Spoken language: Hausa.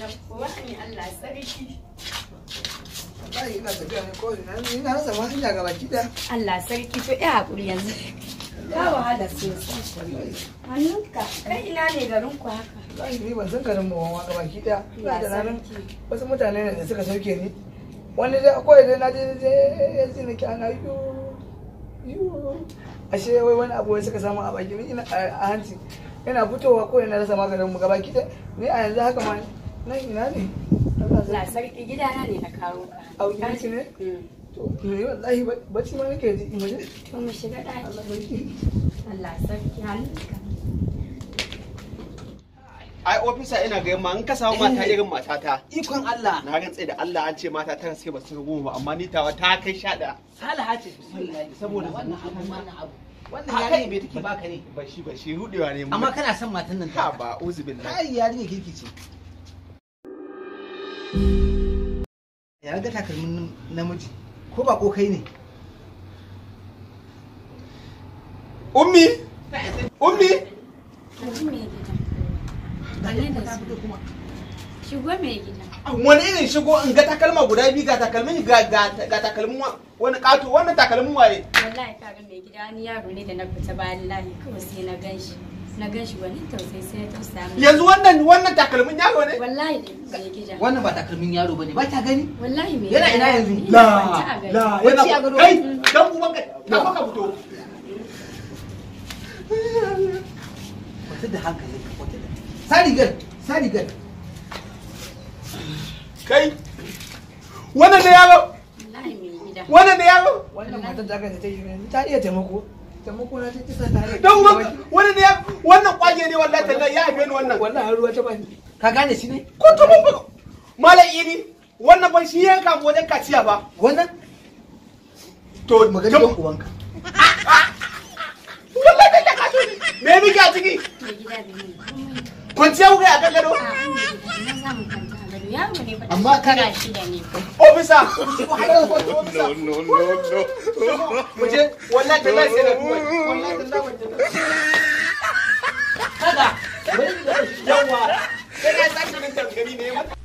na da kowa ne Allah sarki wallahi ina tafiya ne ko ina ina rasa ma ga baki da Allah sarki to ya haƙuri yanzu ka wahala sosai hannunka kai ina ne garin ku haka wallahi yi ban san garin mu wa ga baki da ina da wasu mutane ne da suka sauke ni wani da akwai da na je je yanzu ne ki ana yo ashe wai wani abu suka samu a baki ina a hanci Ina fitowa ko ina rasa maganin mu gaba ki Ni a yanzu haka ma Na ina ne na sarki gidana ne na kawo ka a wuce ki ne mm. to ne wallahi bacci ma nake ji imani to mu shiga daki Allah sarki halinka ai ofisa ina ga ma in ka samu mata eh. irin matata ikon Allah na rantse da Allah an ce mata ta sai ba su goma ba amma ni tawa ta kai sha da salaha ce saboda wannan abu wannan abu wannan yarinya bai take baka ne bashi bashi rudewa ne amma kana son matan nan ta ba uzubillah ai yarinya kirki ce ya ga takalmin namiji ko ba ko kai ne ummi ummi shigo wani irin shigo in ga takalma guda biyu ga takalmin ga ga takalmin wani kato wani takalmin waye wallahi kaga mai gida ni yaro ne da na fita bayan lahi kawai sai na ganshi. na gan shi wani tausayi sai ya tausaya mai yanzu wannan wannan takalmin yaro ne wallahi ne wannan ba takalmin yaro bane ba ta gani wallahi me yana ina yanzu la la yana kai dan uban ka ta baka fito wata da hankali wata da sarigar sarigar kai wannan ne yaro wannan da yaro wannan matar da aka ta yi ta iya taimako dan uban wani ne wannan kwage ne wallahi tallahi ya haife ni wannan wallahi ruwa ta bani ka gane shi ne ko to mun malam ini wannan ban shi yanka ko dan kaciya ba wannan to magana da uwanka wallahi da ka so ne me muke a ciki kwanciya kuka a kan gado amma kana shida ne ofisa ko haɗa ko ofisa no no no muje ta da kuwa wallahi ta lafiya yawa kana tsakin tarkari ne